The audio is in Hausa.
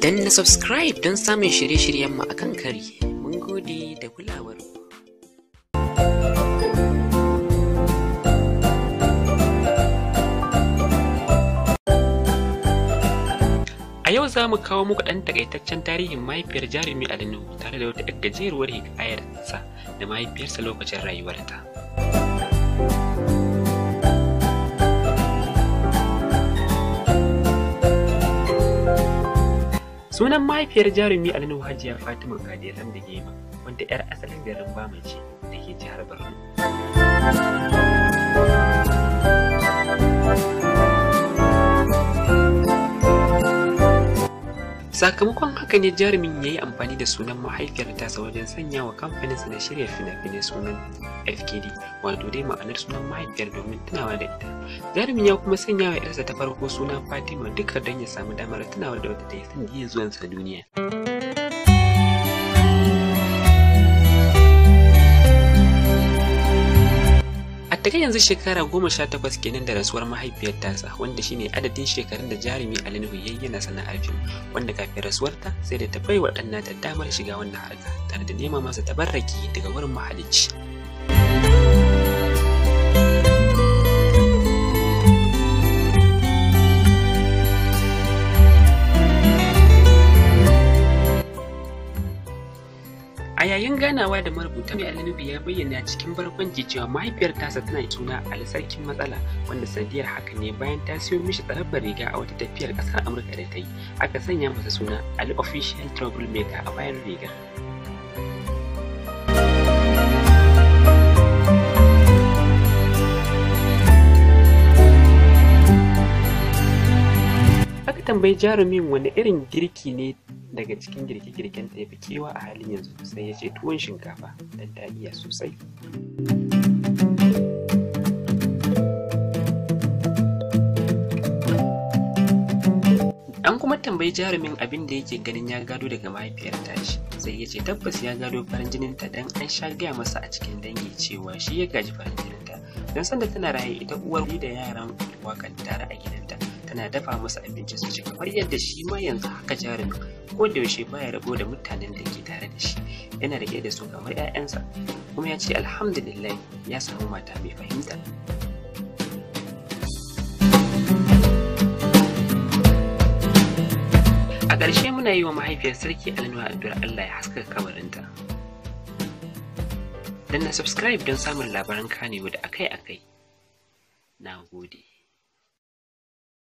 Dan na subscribe don samun shirye-shiryenmu a kan kari. Mun gode da kulawar A yau za mu kawo muku ɗan takaitaccen tarihin mahaifiyar jarumi Nuhu tare da wata gajeruwar hikayarsa da mahaifiyarsa lokacin rayuwarta. Sunan mahaifiyar jarumi Alinu Hajiya Fatima Gaderan da Gema, wanda 'yar asalin garin Bama ce da ke jihar Borno. sakamakon haka ne jarumin ya yi amfani da sunan mahaifiyar sa wajen sanya wa kamfaninsa na shirya fina-finai sunan fkd wato dai ma'anar sunan mahaifiyar domin tunawa da ita jarumin ya kuma sanya wa yarsa ta farko sunan fatima duka don ya samu damar tunawa da wata ta yi sanadiyar zuwansa duniya a kai yanzu shekara goma sha takwas kenan da rasuwar mahaifiyar tasa wanda shine adadin shekarun da jarumi Nuhu ya yana sana'ar fim wanda kafin rasuwarta sai da ta bai wa ɗan damar shiga wannan harka tare da nema masa tabarraki daga wurin mahalicci. A yayin ganawa da marubuta mai alinubi ya bayyana cikin barkwanci cewa mahaifiyar tasa tana suna sarkin matsala wanda sanadiyar haka ne bayan ta siyo mishi tsarabar riga a wata tafiyar ƙasar Amurka da ta yi aka sanya masa suna Ali Official Troublemaker a bayan rigar. Aka tambayi jarumin wani irin girki ne daga cikin girke-girken ta ya fi kewa a halin yanzu sai ya ce tuwon shinkafa don ta iya sosai an kuma tambayi jarumin abin da yake ganin ya gado daga mahaifiyar tashi sai ya ce tabbas ya gado farin jinin ta dan an sha gaya masa a cikin dangi cewa shi ya gaji farin jinin ta don sanda tana raye ita uwar da yaran wakan tare a gidanta tana dafa masa abinci su ci kamar yadda shi ma yanzu haka jarumin ko da yaushe baya rabo da mutanen da ke tare da shi yana rike da su kamar 'ya'yansa kuma ya ce alhamdulillah ya samu mata mai fahimta a ƙarshe muna yi wa mahaifiyar sarki alinuwa addu'ar allah ya haskaka kabarinta dan na subscribe don samun labaran kanewa da akai-akai na gode